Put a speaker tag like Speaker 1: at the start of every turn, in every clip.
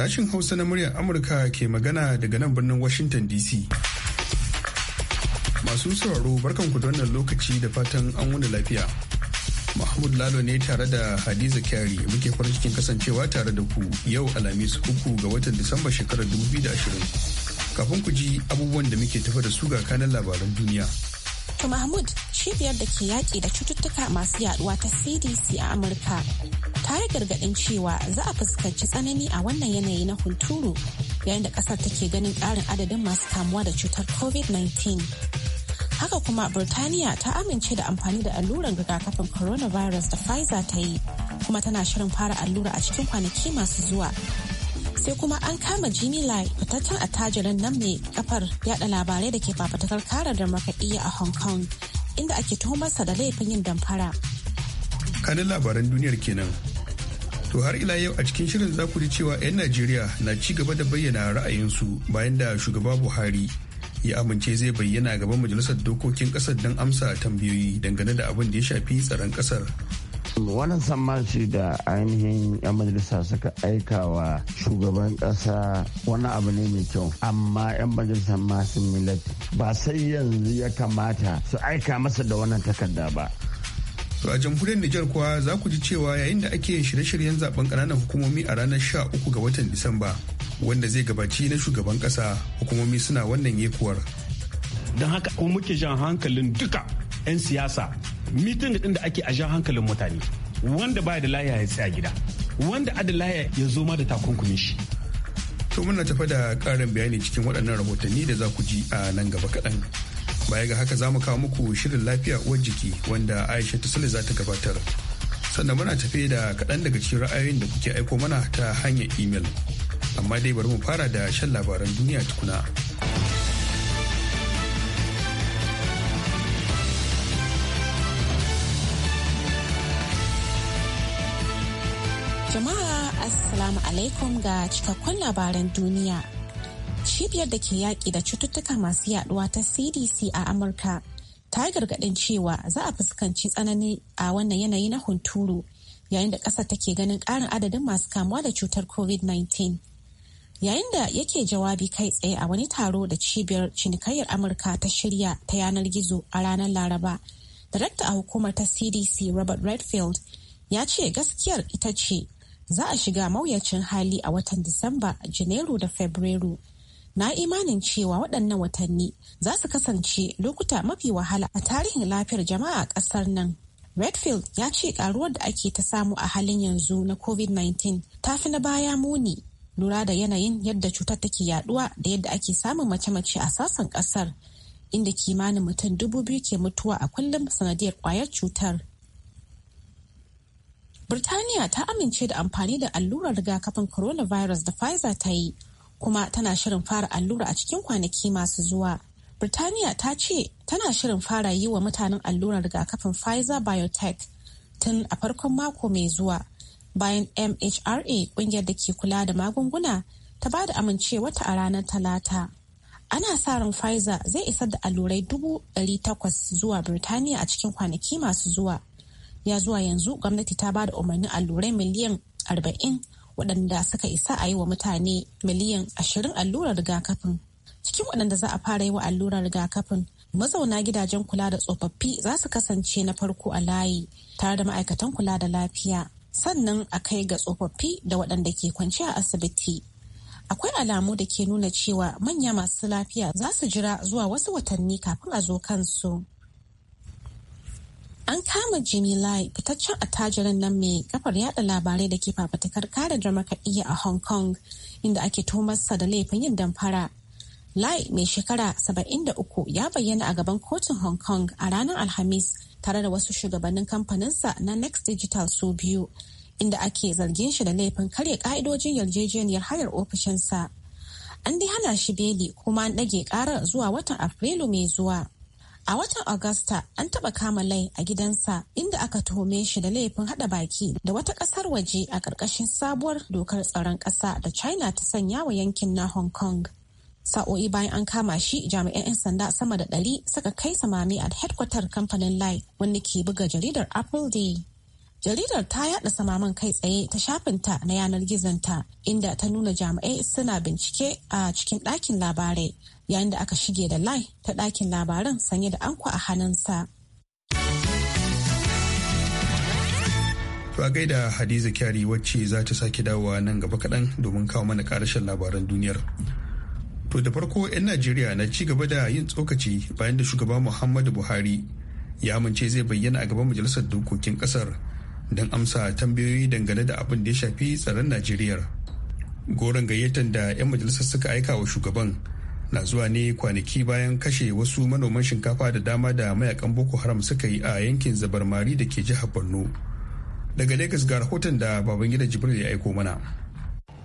Speaker 1: Sashin Hausa na muryar Amurka ke magana daga nan birnin Washington DC. Masu sauraro barkanku da wannan lokaci da fatan an wani lafiya. Mahmud Lalo ne tare da Hadiza Kyari muke farin cikin kasancewa tare da ku yau Alhamis uku ga watan Disamba shekarar 2020. Kafin ku ji abubuwan da muke tafa da su ga kanan labaran duniya.
Speaker 2: Dr. Mahmud cibiyar da ke yaƙi da cututtuka masu yaduwa ta CDC a Amurka ta yi gargaɗin cewa za a fuskanci tsanani a wannan yanayi na hunturu yayin da ƙasar take ganin ƙarin adadin masu kamuwa da cutar COVID-19. Haka kuma Birtaniya ta amince da amfani da alluran rigakafin coronavirus da Pfizer ta yi kuma tana shirin fara allura a cikin kwanaki masu zuwa sai kuma an kama Jimmy Lai fitaccen attajirin nan mai kafar yada labarai da ke fafatakar kara da makaɗiya a Hong Kong inda ake tuhumarsa da laifin yin damfara.
Speaker 1: Kanin labaran duniyar kenan. To har ila yau a cikin shirin za ku ji cewa 'yan Najeriya na ci gaba da bayyana ra'ayinsu bayan da shugaba Buhari ya amince zai bayyana gaban majalisar dokokin kasar don amsa tambayoyi dangane da abin da ya shafi tsaron kasar
Speaker 3: wannan sammaci da ainihin 'yan majalisa suka aika wa shugaban kasa wani abu ne mai kyau amma 'yan majalisa masu millet ba sai yanzu ya kamata su aika masa da wannan takarda ba
Speaker 1: a jamhuriyar Nijar kuwa za ku ji cewa yayin da ake shirye-shiryen zaben ƙananan hukumomi a ranar 13 ga watan Disamba wanda zai gabaci na shugaban kasa hukumomi suna
Speaker 4: wannan yekuwar. Don haka ko muke jan hankalin duka 'yan siyasa mitin din da ake a jan hankalin mutane wanda baya da laya ya tsaya gida wanda ada laya ya zo ma da takunkumin shi to muna tafa da karin bayani cikin waɗannan rahotanni
Speaker 1: da za ku ji a nan gaba kaɗan baya ga haka za mu kawo muku shirin lafiya uwar jiki wanda aisha sule za ta gabatar sannan muna tafe da kaɗan daga cikin ra'ayoyin da kuke aiko mana ta hanyar imel amma dai bari mu fara da shan labaran duniya tukuna.
Speaker 2: Assalamu alaikum ga cikakkun labaran duniya. Cibiyar da ke yaƙi da cututtuka masu yaɗuwa ta CDC a Amurka ta gargaɗin cewa za a fuskanci tsanani a wannan yanayi na hunturu yayin da ƙasar take ganin ƙarin adadin masu kamuwa da cutar COVID-19. Yayin da yake jawabi kai tsaye a wani taro da cibiyar cinikayyar Amurka ta shirya ta yanar gizo a ranar Laraba, Darakta a hukumar ta CDC Robert Redfield ya ce gaskiyar ita ce za a shiga mawuyacin hali a watan Disamba, Janairu da Fabrairu. Na imanin cewa waɗannan watanni za su kasance lokuta mafi wahala a tarihin lafiyar jama'a a ƙasar nan. Redfield ya ce ƙaruwar da ake ta samu a halin yanzu na COVID-19 ta fi na baya muni lura da yanayin yadda cutar take yaduwa da yadda ake samun mace-mace a sassan ƙasar, inda kimanin mutum dubu biyu ke mutuwa a kullum sanadiyar ƙwayar cutar. Birtaniya ta amince da amfani da allurar rigakafin coronavirus da Pfizer ta yi, kuma tana shirin fara allura a cikin kwanaki masu zuwa. Birtaniya ta ce tana shirin fara yi wa mutanen allurar rigakafin Pfizer Biotech tun a farkon mako mai zuwa bayan MHRA kungiyar da ke kula da magunguna ta ba da amincewarta a ranar Talata. Ana sa ran Pfizer zai isar da allurai dubu ɗari takwas zuwa Birtaniya a cikin kwanaki masu zuwa. ya zuwa yanzu gwamnati ta ba da umarnin allurai miliyan 40 waɗanda suka isa a yi wa mutane miliyan 20 allurar rigakafin cikin waɗanda za a fara yi wa allurar rigakafin mazauna gidajen kula da tsofaffi za su kasance na farko a layi tare da ma'aikatan kula da lafiya sannan a kai ga tsofaffi da waɗanda ke kwance a asibiti akwai alamu da ke nuna cewa manya masu lafiya za su jira zuwa wasu watanni kafin a zo kansu an kama Jimmy Lai fitaccen attajirin nan mai kafar yada labarai da ke fafatakar kare makaɗi a Hong Kong inda ake tumarsa da laifin yin damfara. Lai mai shekara 73 ya bayyana a gaban kotun Hong Kong a ranar Alhamis tare da wasu shugabannin kamfaninsa na Next Digital su biyu inda ake zargin shi da laifin karya ka'idojin yarjejeniyar hayar ofishinsa. An dai hana shi beli kuma an ɗage ƙarar zuwa watan Afrilu mai zuwa. A watan Agusta an taɓa kama lai a gidansa inda aka tuhume shi da laifin haɗa baki da wata ƙasar waje a ƙarƙashin sabuwar dokar tsaron ƙasa da China ta sanya wa yankin na Hong Kong. Sa'o'i bayan an kama shi jami'an 'yan sanda sama da ɗari suka kai samami a headquarter kamfanin lai wanda ke buga jaridar Apple Day. Jaridar ta yada samaman kai tsaye ta shafinta na yanar gizonta inda ta nuna jami'ai suna bincike a cikin ɗakin labarai yayin da aka shige da lai ta dakin labaran sanye da anko a hannunsa.
Speaker 1: To a gaida Hadiza Kyari wacce za ta sake dawowa nan gaba kaɗan domin kawo mana ƙarashin labaran duniyar. To da farko 'yan Najeriya na ci gaba da yin tsokaci bayan da shugaba Muhammadu Buhari ya amince zai bayyana a gaban majalisar dokokin ƙasar don amsa tambayoyi dangane da abin da ya shafi tsaron Najeriya. Goron gayyatar da 'yan majalisar suka aika wa shugaban na zuwa ne kwanaki bayan kashe wasu manoman shinkafa da dama da mayakan boko haram suka yi a yankin zabarmari da ke jihar borno daga lagos ga rahoton da babangida jibril ya aiko mana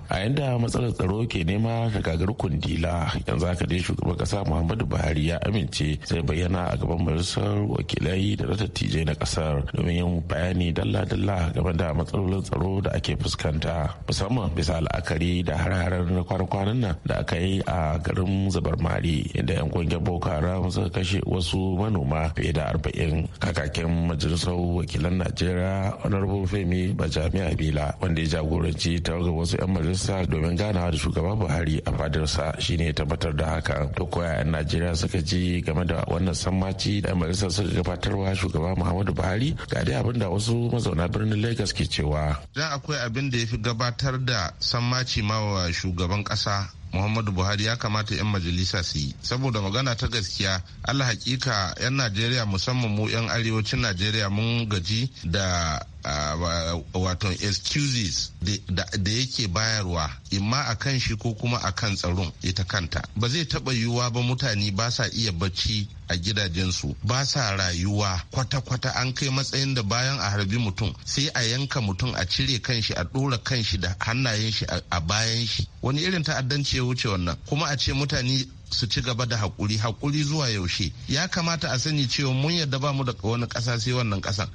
Speaker 3: a yanda matsalar tsaro ke nema shiga gagar kundila yanzu haka dai shugaban kasa muhammadu buhari ya amince sai bayyana a gaban majalisar wakilai da na dattijai na kasar domin yin bayani dalla-dalla game da matsalolin tsaro da ake fuskanta musamman bisa la'akari da har-harar kwanan nan da aka yi a garin zabar mari inda yan kungiyar boko haram suka kashe wasu manoma fiye da arba'in kakakin majalisar wakilan najeriya honorable femi bajami abila wanda ya jagoranci tawagar wasu yan majalisar sa domin ganawa da shugaban buhari a fadarsa shine tabbatar da haka to koya 'yan najeriya suka ji game da wannan sammaci da majalisar suka gabatarwa shugaba muhammadu buhari ga dai abin da wasu mazauna birnin lagos ke cewa dan akwai abin da ya fi gabatar da sammaci ma wa shugaban kasa muhammadu buhari ya kamata 'yan majalisa su yi saboda magana ta gaskiya allah hakika 'yan najeriya musamman mu 'yan arewacin najeriya mun gaji da Uh, wato excuses da yake bayarwa imma a kan shi ko kuma a kan tsaron ita kanta ba zai taba yiwuwa ba mutane ba sa iya bacci a gidajensu ba sa rayuwa kwata-kwata an kai matsayin da bayan a harbi mutum sai a yanka mutum a cire kanshi a ɗora kanshi da hannayen shi a bayan shi wani irin ta'addanci ya wuce wannan kuma a ce mutane su ci gaba da haƙuri haƙuri zuwa yaushe ya kamata a sani cewa mun yadda ba mu da wani ƙasa sai wannan ƙasan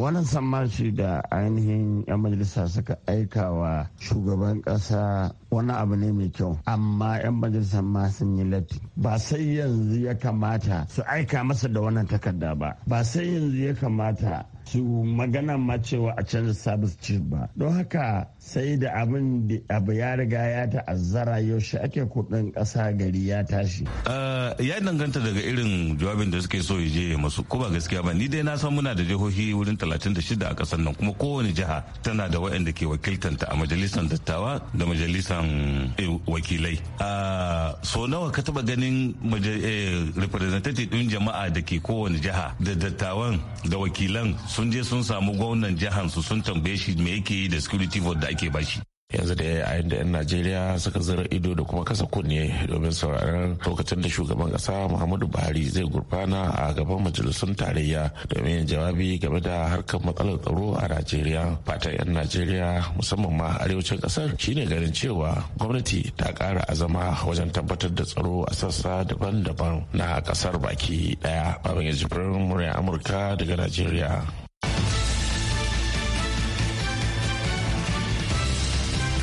Speaker 3: Wannan sammashi da ainihin 'yan majalisa suka aika wa shugaban ƙasa wani abu ne mai kyau, amma 'yan majalisa ma sun yi latti. Ba sai yanzu ya kamata su aika masa da wannan takarda ba, ba sai yanzu ya kamata su magana ma cewa a canza sabis chief ba don haka sai da abin abu ya riga ya ta'azzara yaushe ake kudin kasa gari ya tashi
Speaker 4: uh, ya danganta daga irin jawabin da suke so je masu kuma gaskiya ba ni dai na san muna da jihohi wurin 36 a kasar nan kuma kowane jiha tana da waɗanda ke wakiltanta a majalisar dattawa da majalisar eh, wakilai uh, so nawa ka taba ganin eh, representative din jama'a da ke kowane jiha da dattawan da wakilan sun je sun samu gwamnan jihar su sun tambaye shi me yake yi da security vote da ake bashi
Speaker 3: yanzu da yayin da 'yan najeriya suka zira ido da kuma kasa kunne domin sauraron lokacin da shugaban kasa muhammadu buhari zai gurfana a gaban majalisun tarayya domin yin jawabi game da harkar matsalar tsaro a najeriya fatan 'yan najeriya musamman ma arewacin kasar shine ganin cewa gwamnati ta kara azama wajen tabbatar da tsaro a sassa daban-daban na kasar baki daya babban yajibirin murya amurka daga najeriya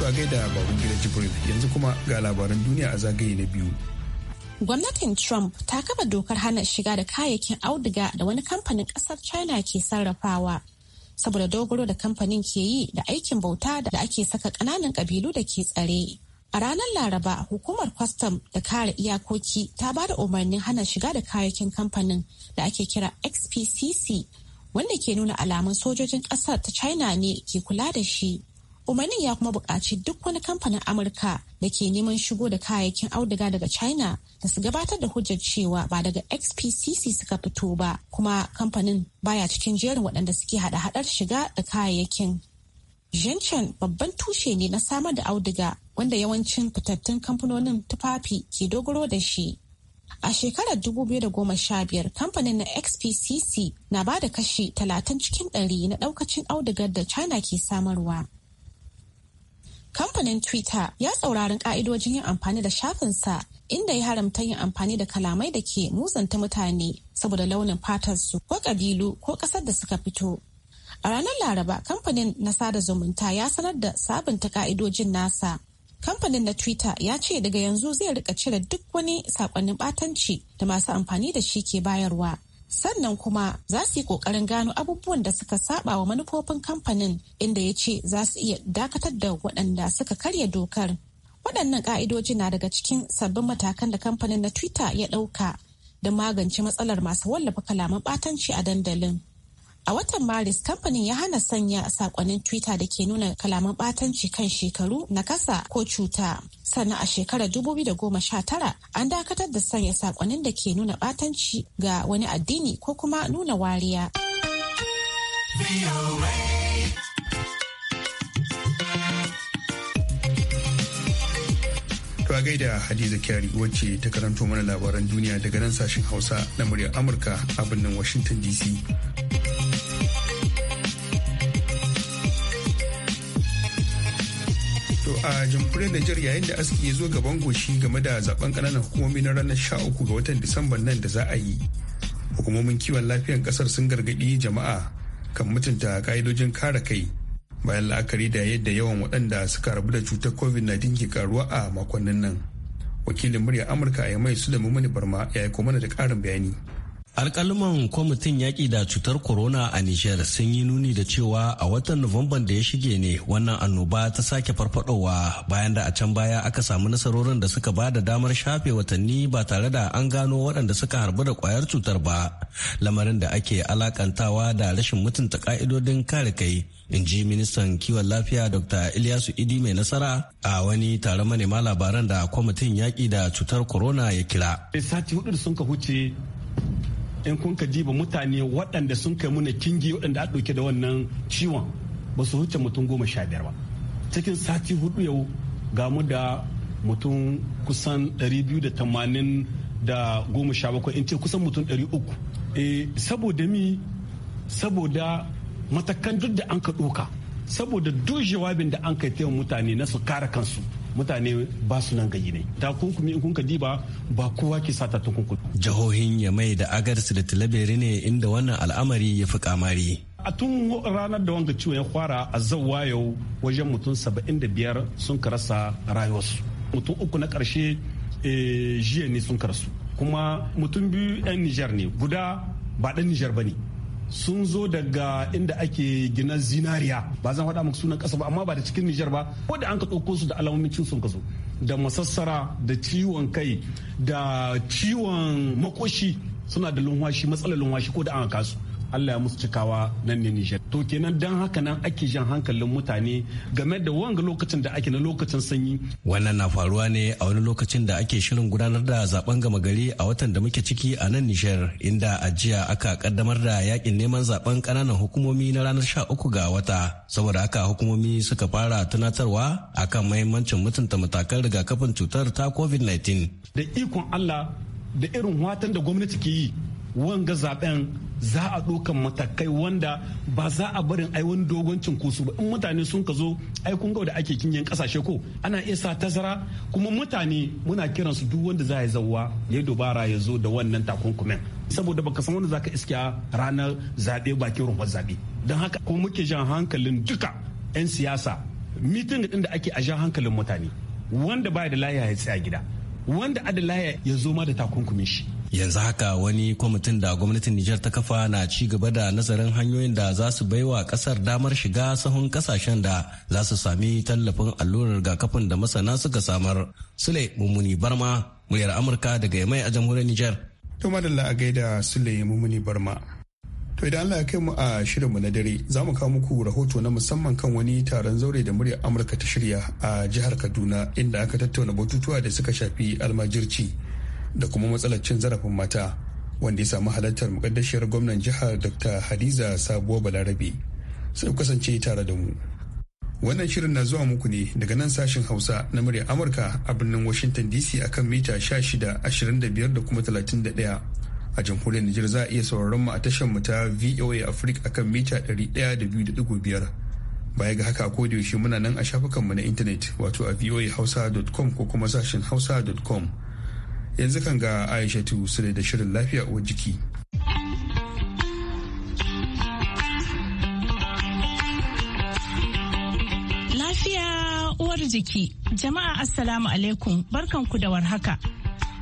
Speaker 1: a gaida babban gidan Jibril yanzu kuma ga labaran duniya a zagaye na biyu.
Speaker 2: Gwamnatin Trump ta kafa dokar hana shiga da kayayyakin auduga da wani kamfanin kasar China ke sarrafawa. Saboda dogaro da kamfanin ke yi da aikin bauta da ake saka kananan kabilu da ke tsare. A ranar Laraba, hukumar kwastam da kare iyakoki ta ba da umarnin hana shiga da kayayyakin kamfanin da ake kira XPCC wanda ke nuna alamun sojojin kasar ta China ne ke kula da shi. umarnin ya kuma buƙaci duk wani kamfanin amurka da ke neman shigo da kayayyakin auduga daga china da su gabatar da hujjar cewa ba daga xpcc suka fito ba kuma kamfanin baya cikin jerin waɗanda suke hada hadar shiga da kayayyakin Jenchen babban tushe ne na samar da auduga wanda yawancin fitattun kamfanonin tufafi ke dogaro da shi A shekarar 2015 kamfanin na XPCC na ba da kashi 30 cikin 100 na daukacin audugar da China ke samarwa. Kamfanin Twitter ya saurarin ka'idojin yin amfani da shafinsa inda ya haramta yin amfani da kalamai da ke muzanta mutane saboda launin fatarsu ko kabilu ko kasar da suka fito. A ranar Laraba, kamfanin na sada zumunta ya sanar da sabunta ka'idojin nasa. Kamfanin na Twitter ya ce daga yanzu zai rika cire duk wani sakonnin batanci da masu amfani da shi ke bayarwa. sannan kuma za su yi kokarin gano abubuwan da suka saba wa manufofin kamfanin inda ya ce za su iya dakatar da waɗanda suka karya dokar waɗannan ƙa'idoji na daga cikin sabbin matakan da kamfanin na twitter ya ɗauka da magance matsalar masu wallafa kalaman ɓatanci a dandalin A watan Maris kamfanin ya hana sanya sakonin Twitter da ke nuna kalaman batanci kan shekaru na kasa ko cuta. Sannan a shekarar 2019 an dakatar da sanya sakonin da ke nuna batanci ga wani addini ko kuma nuna wariya.
Speaker 1: To gaida Hadiza Kyari wacce ta karanto mana labaran duniya daga nan sashen Hausa na muryar Amurka a birnin Washington DC. a jamhuriyar Nijar yayin da aski ya zo gaban goshi game da zaben kananan hukumomi na ranar 13 ga watan disamba nan da za a yi. Hukumomin kiwon lafiyar kasar sun gargaɗi jama'a kan mutunta ka'idojin kare kai bayan la'akari da yadda yawan waɗanda suka rabu da cutar COVID-19 ke karuwa a makonnin nan. Wakilin murya Amurka a Yamai da Mani Barma ya yi mana da ƙarin bayani.
Speaker 5: alƙaluman kwamitin yaƙi da cutar corona a nijar sun yi nuni da cewa a watan nuwamban da ya shige ne wannan annoba ta sake farfadowa bayan da a can baya aka samu nasarorin da suka ba da damar shafe watanni ba tare da an gano waɗanda suka harbu da ƙwayar cutar ba lamarin da ake alakantawa da rashin mutunta ka'idodin kare kai in ji ministan kiwon lafiya dr ilyasu idi mai nasara a wani tare manema labaran da kwamitin yaƙi da cutar corona ya kira. sati hudu sun ka huce in kun ka diba mutane waɗanda sun kai muna
Speaker 4: kingi waɗanda a ɗauke da wannan ciwon ba su wuce mutum goma sha biyar ba cikin sati hudu yau ga mu da mutum kusan ɗari biyu da tamanin da goma sha bakwai in ce kusan mutum ɗari uku eh, saboda mi saboda matakan duk da an ka ɗoka saboda duk jawabin da an kai taimakon mutane na su kare kansu mutane ba su nan gayi ne takunkumi in kun ka diba ba kowa
Speaker 5: ke sata takunkumi Jihohin Yamai da agarsi da Tilaberi ne inda wannan al'amari ya fi kamari.
Speaker 4: a tun ranar da wanga ciwon ya fara a zauwa yau wajen mutum 75 sun karasa rayuwarsu mutum uku na karshe eh, jiya ne sun karasu kuma mutum biyu 'yan nijar ne guda ba dan nijar ba ne sun zo daga inda ake gina zinariya ba zan faɗa maka sunan ƙasa ba amma ba da cikin Nijar ba ko da an ka ɗauko su da alamomin cin sun kaso da masassara da ciwon kai da ciwon makoshi suna da lunwashi matsalar lunwashi ko da an kasu Allah ya musu cikawa nan ne Nijar. To kenan dan haka nan ake jan hankalin mutane game da wanga lokacin
Speaker 5: da ake na lokacin sanyi. Wannan na faruwa ne a wani lokacin da ake shirin gudanar da zaben gama gari a watan da muke ciki a nan Nijar inda a jiya aka kaddamar da yakin neman zaben kananan hukumomi na ranar sha uku ga wata. Saboda haka hukumomi suka fara tunatarwa akan mahimmancin mutunta matakan rigakafin cutar ta COVID-19. Da
Speaker 4: ikon Allah da irin watan da gwamnati ke yi wanga zaben za a ɗaukan matakai wanda ba za a barin ai dogon cinkoso ba in mutane sun ka zo ai kun ga da ake kingin kasashe ko ana iya sa tazara kuma mutane muna kiran su duk wanda za ya zauwa ya dubara ya zo da wannan takunkumin saboda baka san wanda zaka iska ranar zaɓe bakin rumfar zaɓe don haka kuma muke jan hankalin duka 'yan siyasa mitin din da ake
Speaker 5: a jan hankalin mutane
Speaker 4: wanda baya da laya ya tsaya gida wanda adalaya ya zo ma da takunkumin shi
Speaker 5: yanzu haka wani kwamitin da gwamnatin nijar ta kafa na ci gaba da nazarin hanyoyin da za su baiwa kasar damar shiga sahun kasashen da za su sami tallafin allurar rigakafin da masana suka samar sule mummuni barma muryar amurka daga yamai a jamhuriyar nijar to madalla a gaida sule mummuni barma to idan allah ya kai
Speaker 1: mu a shirin mu na dare za mu kawo muku rahoto na musamman kan wani taron zaure da muryar amurka ta shirya a jihar kaduna inda aka tattauna batutuwa da suka shafi almajirci da kuma matsalar cin zarafin mata wanda ya samu halartar mukaddashiyar gwamnan jihar dr hadiza sabuwa balarabe sai kasance tare da mu wannan shirin na zuwa muku ne daga nan sashen hausa na murya amurka a birnin washington dc akan mita 16 ashirin da kuma 31 a jamhuriyar Nijar za a iya sauraron mu a tashar mu ta VOA Africa akan mita ɗari ɗaya da da biyu biyar baya ga haka ko da yaushe muna nan a shafukanmu na intanet wato a hausa voahausa.com ko kuma sashen sashin hausa.com yanzu kan ga aisha sule da shirin lafiya uwar jiki
Speaker 6: lafiya uwar jiki jama'a assalamu alaikum barkanku da warhaka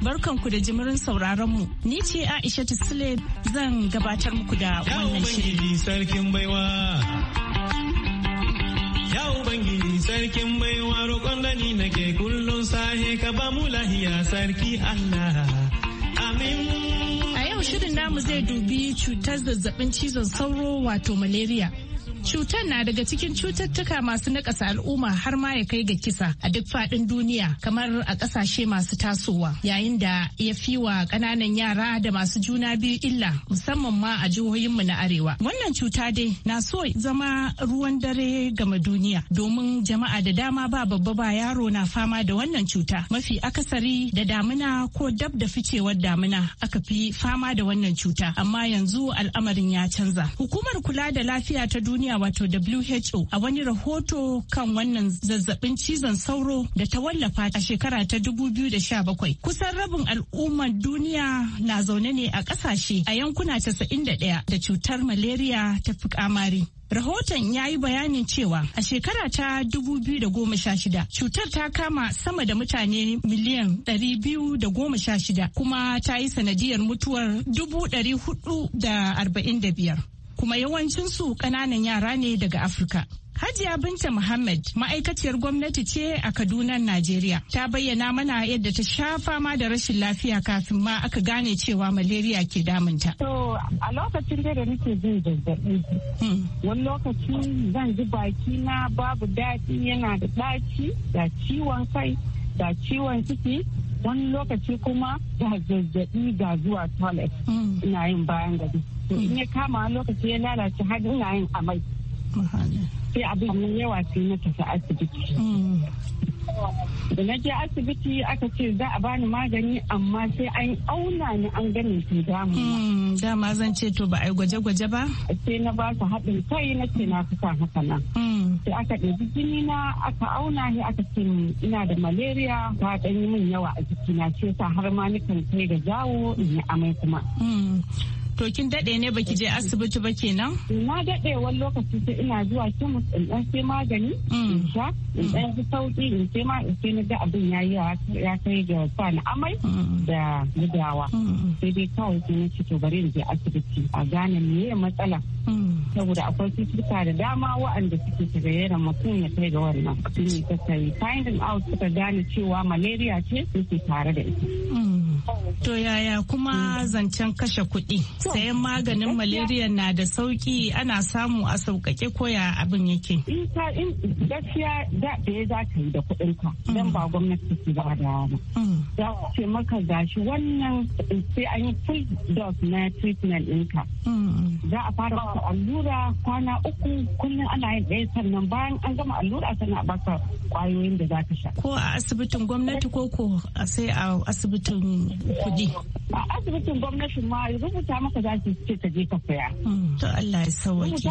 Speaker 6: barkanku da jimirin sauraron mu ni ce aisha sule zan gabatar muku da wannan shirin
Speaker 5: Ya Ubangiji sarkin baiwa roƙon dani nake kullum sahe ka ba mu lahiya sarki Allah.
Speaker 6: Amin. A yau shirin namu zai dubi cutar zazzabin cizon sauro wato malaria. Cutar na daga cikin cututtuka masu nakasa al'umma har ma ya kai ga kisa a duk faɗin duniya kamar a ƙasashe masu tasowa yayin da ya fi wa ƙananan yara da masu juna biyu illa musamman ma a jihohinmu na arewa. Wannan cuta dai na so zama ruwan dare gama duniya domin jama'a da dama ba babba ba yaro na fama da wannan cuta mafi akasari da damina ko dab da ficewar damina aka fi fama da wannan cuta amma yanzu al'amarin ya canza. Hukumar kula da lafiya ta duniya duniya wato WHO a wani rahoto kan wannan zazzabin cizon sauro da ta wallafa a shekara ta 2017. Kusan rabin al'ummar duniya na zaune ne a ƙasashe a yankuna 91 da cutar malaria ta fi kamari. Rahoton ya yi bayanin cewa a shekara ta 2016 cutar ta kama sama da mutane miliyan 216 kuma ta yi sanadiyar mutuwar 445. kuma yawancinsu ƙananan yara ne daga Afirka. Hajiya Binta Muhammad ma'aikaciyar gwamnati ce a Kaduna, Najeriya. Ta bayyana mana yadda ta sha fama da rashin lafiya kafin ma aka gane cewa malaria ke damunta. To a
Speaker 7: lokacin da nake jin zazzaɓi, hmm. wani lokaci zan ji baki na babu daɗi yana da ɗaci da ciwon kai da ciwon ciki wani lokaci kuma da zazzabi ga zuwa toilet hmm. ina yin bayan gari in ya kama lokaci ya lalace har ina yin amai sai abin mun yawa sai na tafi asibiti hmm. da na je asibiti aka ce za a bani magani amma sai an auna ni an ganin su damu hmm, dama zan ce to ba a yi gwaje-gwaje ba sai na ba su haɗin kai na ce na fi haka nan hmm. sai aka ɗauki jini na aka auna ni aka ce ina da malaria ta ɗan yi min yawa a jikina ce sa har ma nikan kai
Speaker 6: da jawo in yi amai kuma hmm. To kin daɗe ne baki je asibiti ba kenan?
Speaker 7: Na daɗe wani lokaci sai ina zuwa kemis in ɗan sai magani mm. in sha in ɗan fi sauƙi in sai ma in sai na ga abin ya yi ya kai ga sa na amai mm. da gudawa. Mm. Sai dai kawai sai na to bari in je asibiti a gane me ya matsala. Saboda akwai cututtuka da dama waɗanda suke tagayyara mutum ya kai ga wannan. Shi ne ta finding out suka gane cewa malaria ce suke tare da ita.
Speaker 6: To yaya kuma zancen kashe kuɗi? Sayan maganin malaria na da sauki ana samu a sauƙaƙe koya abin yake. Ita in gaskiya da ɗaya za
Speaker 7: ka yi da kuɗinka don ba gwamnati su ba da ba. Mm. Za ce maka gashi wannan sai an yi full dose na treatment ɗinka. Mm. Za a fara maka allura kwana uku kullum ana yin ɗaya sannan bayan an gama allura sannan a baka
Speaker 6: kwayoyin da za ka sha. Ko a asibitin gwamnati ko ko sai a asibitin kuɗi. A asibitin gwamnati ma rubuta maka za su ce ta je ka hmm. To Allah ya sauwake.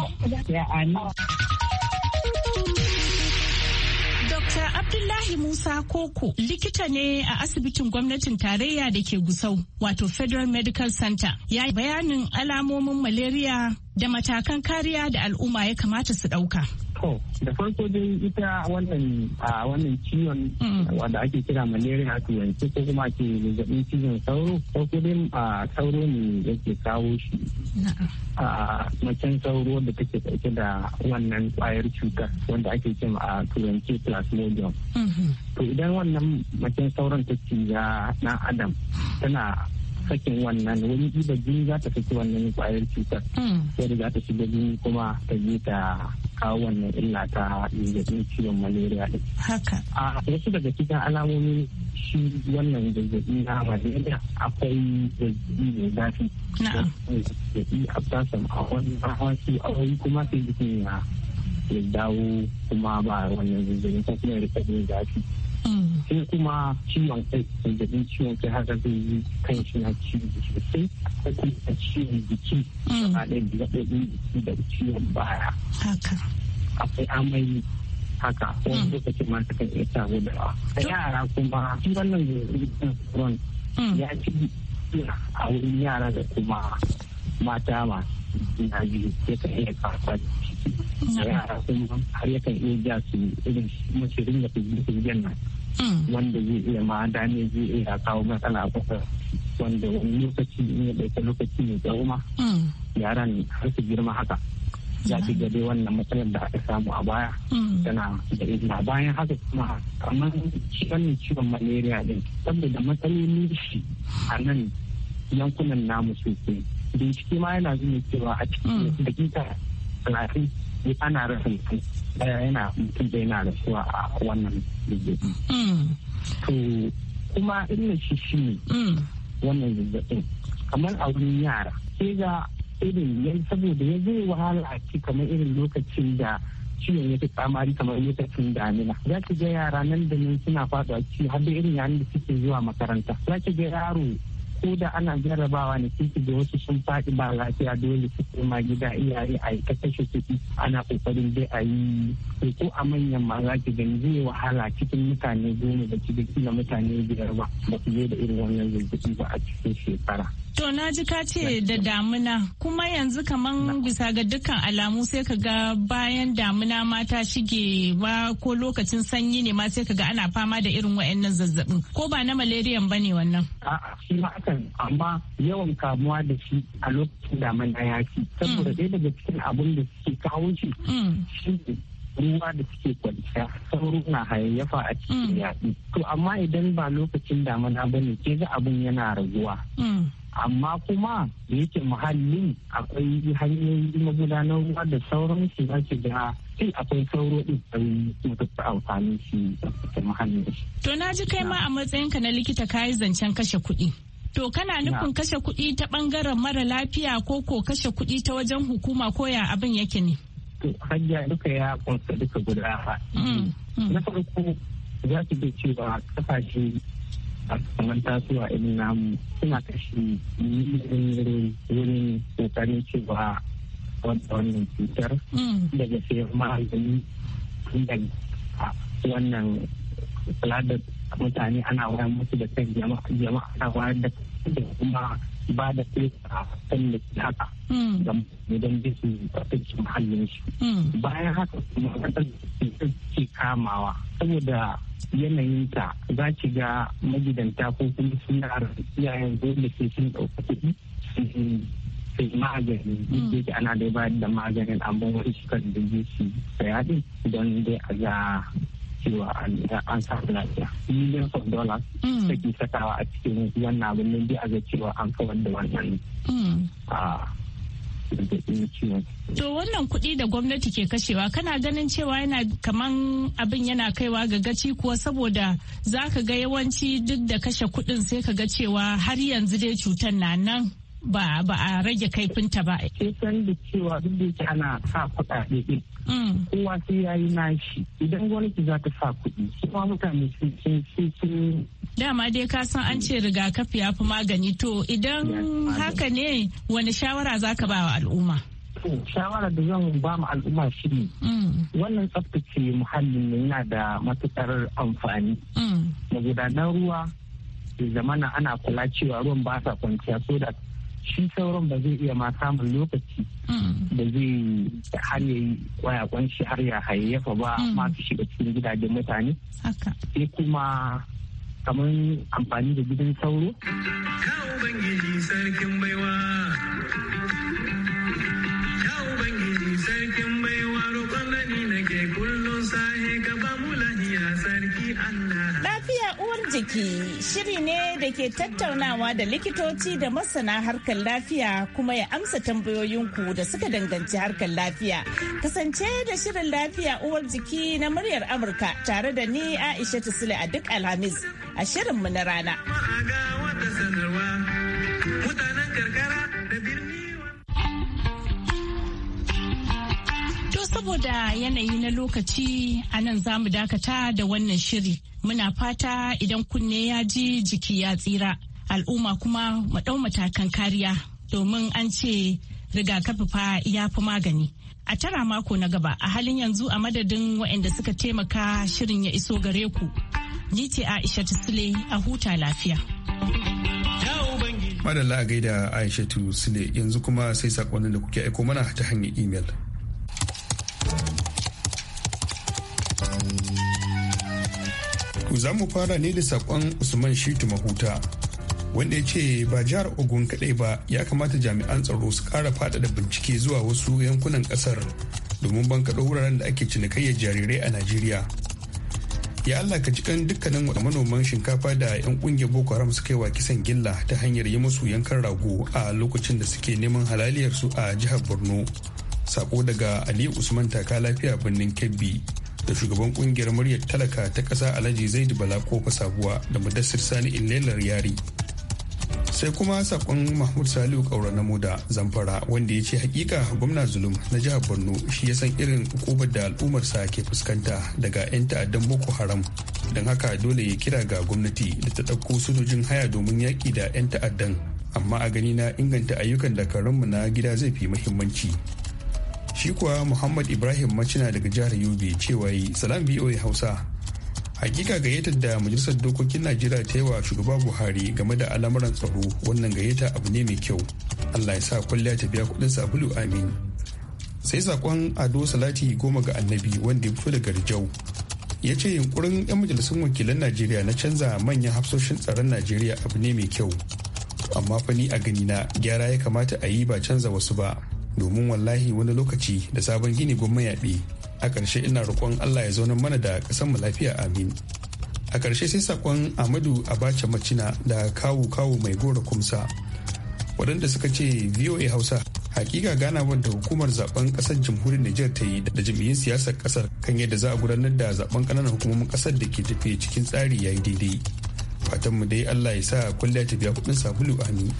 Speaker 6: Dr. Abdullahi Musa Koko likita ne a asibitin gwamnatin tarayya da ke Gusau wato Federal Medical Center ya yi bayanin alamomin malaria da matakan kariya da al'umma ya kamata su ɗauka.
Speaker 8: To, da farko dai ita wannan a wannan ciwon mm-hmm. wanda ake kira malaria a turanci ko kuma ke zazzabin cizon sauro, farko dai a sauro ne yake kawo shi. A macen sauro da take ɗauke da wannan kwayar cutar wanda ake cin a turanci plasmodium. Mm-hmm. To idan wannan macen sauron ta ciya na adam tana sakin wannan wani ibar jini za ta saki wannan kwayar cutar Yadda hmm. za ta shiga jini kuma ta je ta kawo wannan illa ta zazzabin ciwon malaria din. Haka. A wasu daga cikin alamomi shi wannan zazzabi na malaria akwai zazzabi mai zafi. Zazzabi a tasan a wani a wani kuma sai jikin ya dawo kuma ba wannan zazzabin ta kuma rika zafi. sai kuma ciwon kai zazzabin ciwon kai haka zai yi kan shi na ciwon Sai ko kuma ciwon jiki mm. gaba ɗaya gaɓoɓin jiki da ciwon baya akwai amai haka wani mm. lokacin ma takan iya samu da yara kuma shi wannan zazzabin mm. ya ci a wurin yara da kuma mata ma. na biyu Ya kan iya karfa da yara kuma har yakan iya ja su irin mace ringa fizgin nan Mm. wanda zai iya ma dane zai iya kawo matsala a kusa wanda wani lokaci in ya ɗauki lokaci mai tsawo ma mm. yaran har su girma haka ya fi wannan matsalar da aka samu a baya mm. tana da illa bayan haka kuma kamar wannan ciwon malaria ɗin saboda matsaloli shi a nan yankunan namu sosai bincike ma yana zuwa cewa a cikin dakika talatin ana rasa mutum daya yana mutum da yana rasuwa a wannan zazzabi. Mm. To kuma ina shi shi ne mm. wannan zazzabin kamar a wurin yara sai ga irin ya saboda ya zai wahala a ci kamar irin lokacin da ciwon ya fi tsamari kamar lokacin damina za ki ga yara nan da nan suna faɗo a ci har da irin yaran da suke zuwa makaranta za ki ga yaro ko da ana jarabawa ne kiki da wasu sun faɗi ba lafiya dole su koma gida iyaye a yi ta kashe kuɗi ana kokarin dai a yi ko a manyan ma za ki gani zai wahala cikin mutane goma da cikin kila mutane biyar ba ba su je da irin wannan zazzabi ba a
Speaker 6: cikin shekara. To na ji ka ce da damuna kuma yanzu kaman bisa ga dukkan alamu sai ka ga bayan damuna mata ta shige ba ko lokacin sanyi ne ma sai ka ga ana fama da irin wa'annan zazzabin ko ba na malaria ba ne wannan. A'a shi ma
Speaker 8: amma yawan kamuwa da shi a lokacin damana ya ci saboda dai mm. daga cikin abin da suke kawo shi mm. shi ruwa da suke kwanciya sauro na hayayyafa a cikin mm. yaƙi to amma idan ba lokacin damana ba ne ke ga abin yana raguwa amma kuma da yake muhallin akwai hanyoyi magudanar ruwa da sauran su za ki ga sai akwai sauro din da ta amfani shi da
Speaker 6: muhallin. To na ji kai ma a matsayinka na likita kayi zancen kashe kuɗi. To kana nufin kashe kuɗi ta ɓangaren mara lafiya ko ko kashe kuɗi ta wajen hukuma ko ya abin yake ne?
Speaker 8: To hanya duka ya kunsa duka guda
Speaker 9: mm,
Speaker 6: mm. Na farko
Speaker 8: za su ga cewa kasashe a kamar tasowa irin namu suna kashe miliyan wurin kokarin cewa wannan cutar mm. daga sayan magani inda wannan kula da mutane ana wayan musu da kan jama'a ana wayan da da kuma ba da fesa kan da ke haka da idan da su cikin hannun shi hmm. bayan haka kuma kasar ke kamawa saboda yanayin ta. za ki ga magidanta ko kuma suna iyayen dole ke sun ɗauka kuɗi sai magani hmm. da ana dai bayar da maganin amma wasu sukan da su saya din don dai a ga cewa an samu lafiya millions of dollars mm. ke sakawa a cikin wannan abin nan bi a ga cewa an kawar da wannan
Speaker 9: mm. To
Speaker 6: wannan kuɗi da gwamnati ke kashewa kana ganin cewa yana kaman abin yana kaiwa ga gaci kuwa saboda za ka ga yawanci duk da kashe kuɗin sai ka ga cewa har yanzu dai cutar na nan ba ba a rage kaifinta ba. Sai san da cewa duk da yake ana sa
Speaker 8: kuɗaɗe ɗin. Mm. Kowa sai yayi nashi idan gwamnati za ta sa kuɗi
Speaker 6: kuma mutane sun sun Dama dai ka san an ce rigakafi ya fi magani to idan haka ne wani shawara za ka ba wa al'umma?
Speaker 8: shawara da zan ba mu al'umma shi ne mm. wannan tsaftace muhallin yana da matukar amfani mm. magudanan ruwa da zamana ana kula cewa ruwan ba sa kwanciya so da shi sauran ba zai iya ma samun lokaci mm. da zai har ya yi kwayakwan shi har ya hayayyafa ba mm. masu shiga cikin gidajen mutane sai kuma kamar amfani da gidan sauro.
Speaker 5: sarkin baiwa
Speaker 6: shiri ne da ke tattaunawa da likitoci da masana harkar lafiya kuma ya amsa tambayoyinku da suka danganci harkar lafiya. Kasance da shirin lafiya uwar jiki na muryar Amurka tare da ni Aisha Sule a duk Alhamis a shirinmu na rana. To saboda yanayi na lokaci a nan za mu dakata da wannan shiri. muna fata idan kunne ya ji jiki ya tsira al'umma kuma mu matakan kariya domin an ce rigakafi fa ya fi magani a tara mako na gaba a halin yanzu a madadin waɗanda suka taimaka shirin ya iso gare ku ni ce aisha sule a huta lafiya
Speaker 1: madalla a gaida aisha sule yanzu kuma sai sakonnin da kuke aiko mana ta hanyar imel. za mu fara ne da saƙon Usman Shitu Mahuta wanda ya ce ba jihar Ogun kaɗai ba ya kamata jami'an tsaro su ƙara faɗaɗa bincike zuwa wasu yankunan ƙasar domin bankaɗo wuraren da ake cinikayyar jarirai a Najeriya. Ya Allah ka cikin dukkanin wani manoman shinkafa da 'yan ƙungiyar Boko Haram suka yi wa kisan gilla ta hanyar yi musu yankan rago a lokacin da suke neman halaliyarsu a jihar Borno. Sako daga aliyu Usman Taka Lafiya birnin Kebbi. da shugaban kungiyar muryar talaka ta kasa alhaji zai da bala kofa sabuwa da mudassir sani inlelar yari sai kuma sakon mahmud saliu kaura na moda zamfara wanda ya ce hakika gwamna zulum na jihar borno shi ya san irin hukumar da al'ummarsa ke fuskanta daga 'yan ta'addan boko haram don haka dole ya kira ga gwamnati da ta ɗauko sojojin haya domin yaƙi da 'yan ta'addan amma a gani na inganta ayyukan dakarunmu na gida zai fi muhimmanci shi kuwa muhammad ibrahim macina daga jihar yobe cewa yi salam voa hausa hakika gayyatar da majalisar dokokin najeriya ta yi wa shugaba buhari game da al'amuran tsaro wannan gayyata abu ne mai kyau allah ya sa kwalliya ta biya kudin sabulu amin sai sakon ado salati goma ga annabi wanda ya fito daga rijau ya ce yunkurin 'yan majalisun wakilan najeriya na canza manyan hafsoshin tsaron najeriya abu ne mai kyau amma fa ni a na, gyara ya kamata a yi ba canza wasu ba domin wallahi wani lokaci da sabon gini gwamma yaɓe a ƙarshe ina roƙon allah ya zaunar mana da mu lafiya amin a ƙarshe sai saƙon amadu abacha macina da kawu kawu mai gora kumsa waɗanda suka ce voa hausa hakika ganawar da hukumar zaben ƙasar jamhuriyar niger ta yi da jami'in siyasar ƙasar kan yadda za a gudanar da zaben ƙananan hukumomin ƙasar da ke tafiye cikin tsari yayi daidai fatanmu dai allah ya sa kulle ta biya kuɗin sabulu amin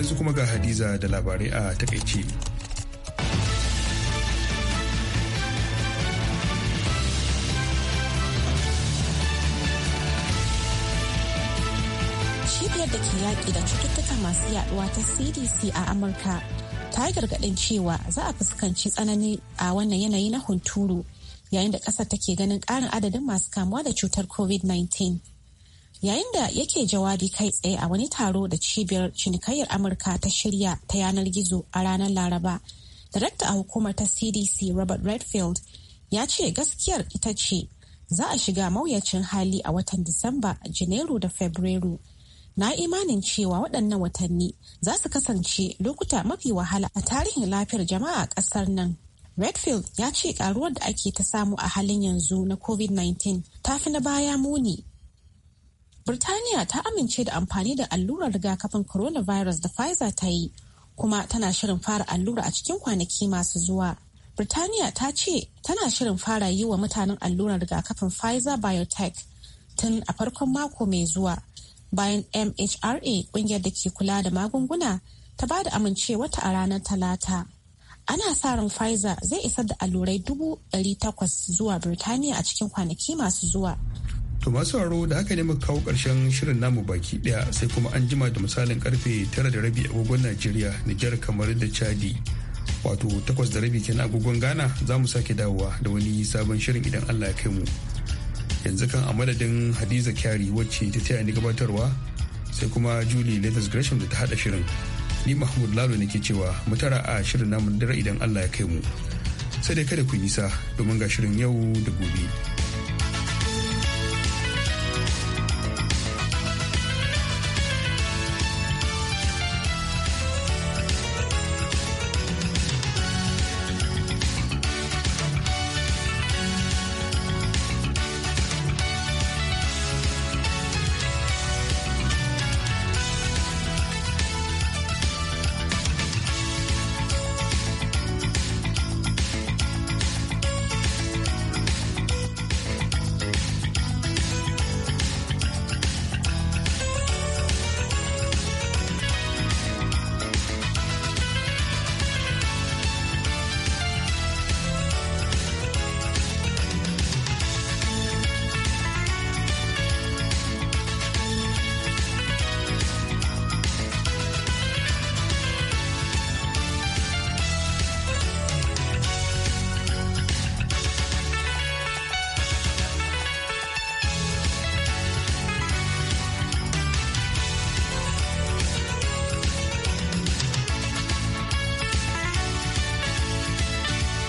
Speaker 1: yanzu kuma ga hadiza da labarai a takaice.
Speaker 2: cibiyar da ke yaƙi da cututtuka masu yaɗuwa ta cdc a amurka ta yi gargaɗin cewa za a fuskanci tsanani a wannan yanayi na hunturu yayin da ƙasar take ganin ƙarin adadin masu kamuwa da cutar covid-19 yayin da yake jawabi kai tsaye a wani taro da cibiyar cinikayyar amurka ta shirya ta yanar gizo a ranar laraba darakta a hukumar ta cdc robert redfield ya ce gaskiyar ita ce za a shiga mawuyacin hali a watan disamba janairu da fabrairu na imanin cewa waɗannan watanni za su kasance lokuta mafi wahala a tarihin lafiyar jama'a a ƙasar nan redfield ya ce ƙaruwar da ake ta samu a halin yanzu na covid-19 ta fi na baya muni Birtaniya ta amince da amfani da allurar rigakafin coronavirus da Pfizer ta yi kuma tana shirin fara allura a cikin kwanaki masu zuwa. Birtaniya ta ce tana shirin fara yi wa mutanen allurar rigakafin Pfizer Biotech tun a farkon mako mai zuwa bayan MHRA kungiyar da ke kula da magunguna ta ba da amincewata a ranar Talata. Ana sa ran Pfizer zai isar da allurai dubu takwas zuwa Birtaniya a cikin kwanaki masu zuwa.
Speaker 1: To masu sauraro da haka ne nemi kawo ƙarshen shirin namu baki ɗaya sai kuma an jima da misalin karfe tara da rabi agogon Najeriya, niger kamar da Chadi. Wato takwas da rabi kenan agogon Ghana za mu sake dawowa da wani sabon shirin idan Allah ya kai mu. Yanzu kan a madadin Hadiza Kyari wacce ta taya ni gabatarwa sai kuma Julie Leathers Gresham da ta haɗa shirin. Ni Mahmud Lalo nake cewa mu tara a shirin namu dare idan Allah ya kai mu. Sai dai kada ku sa domin ga shirin yau da gobe.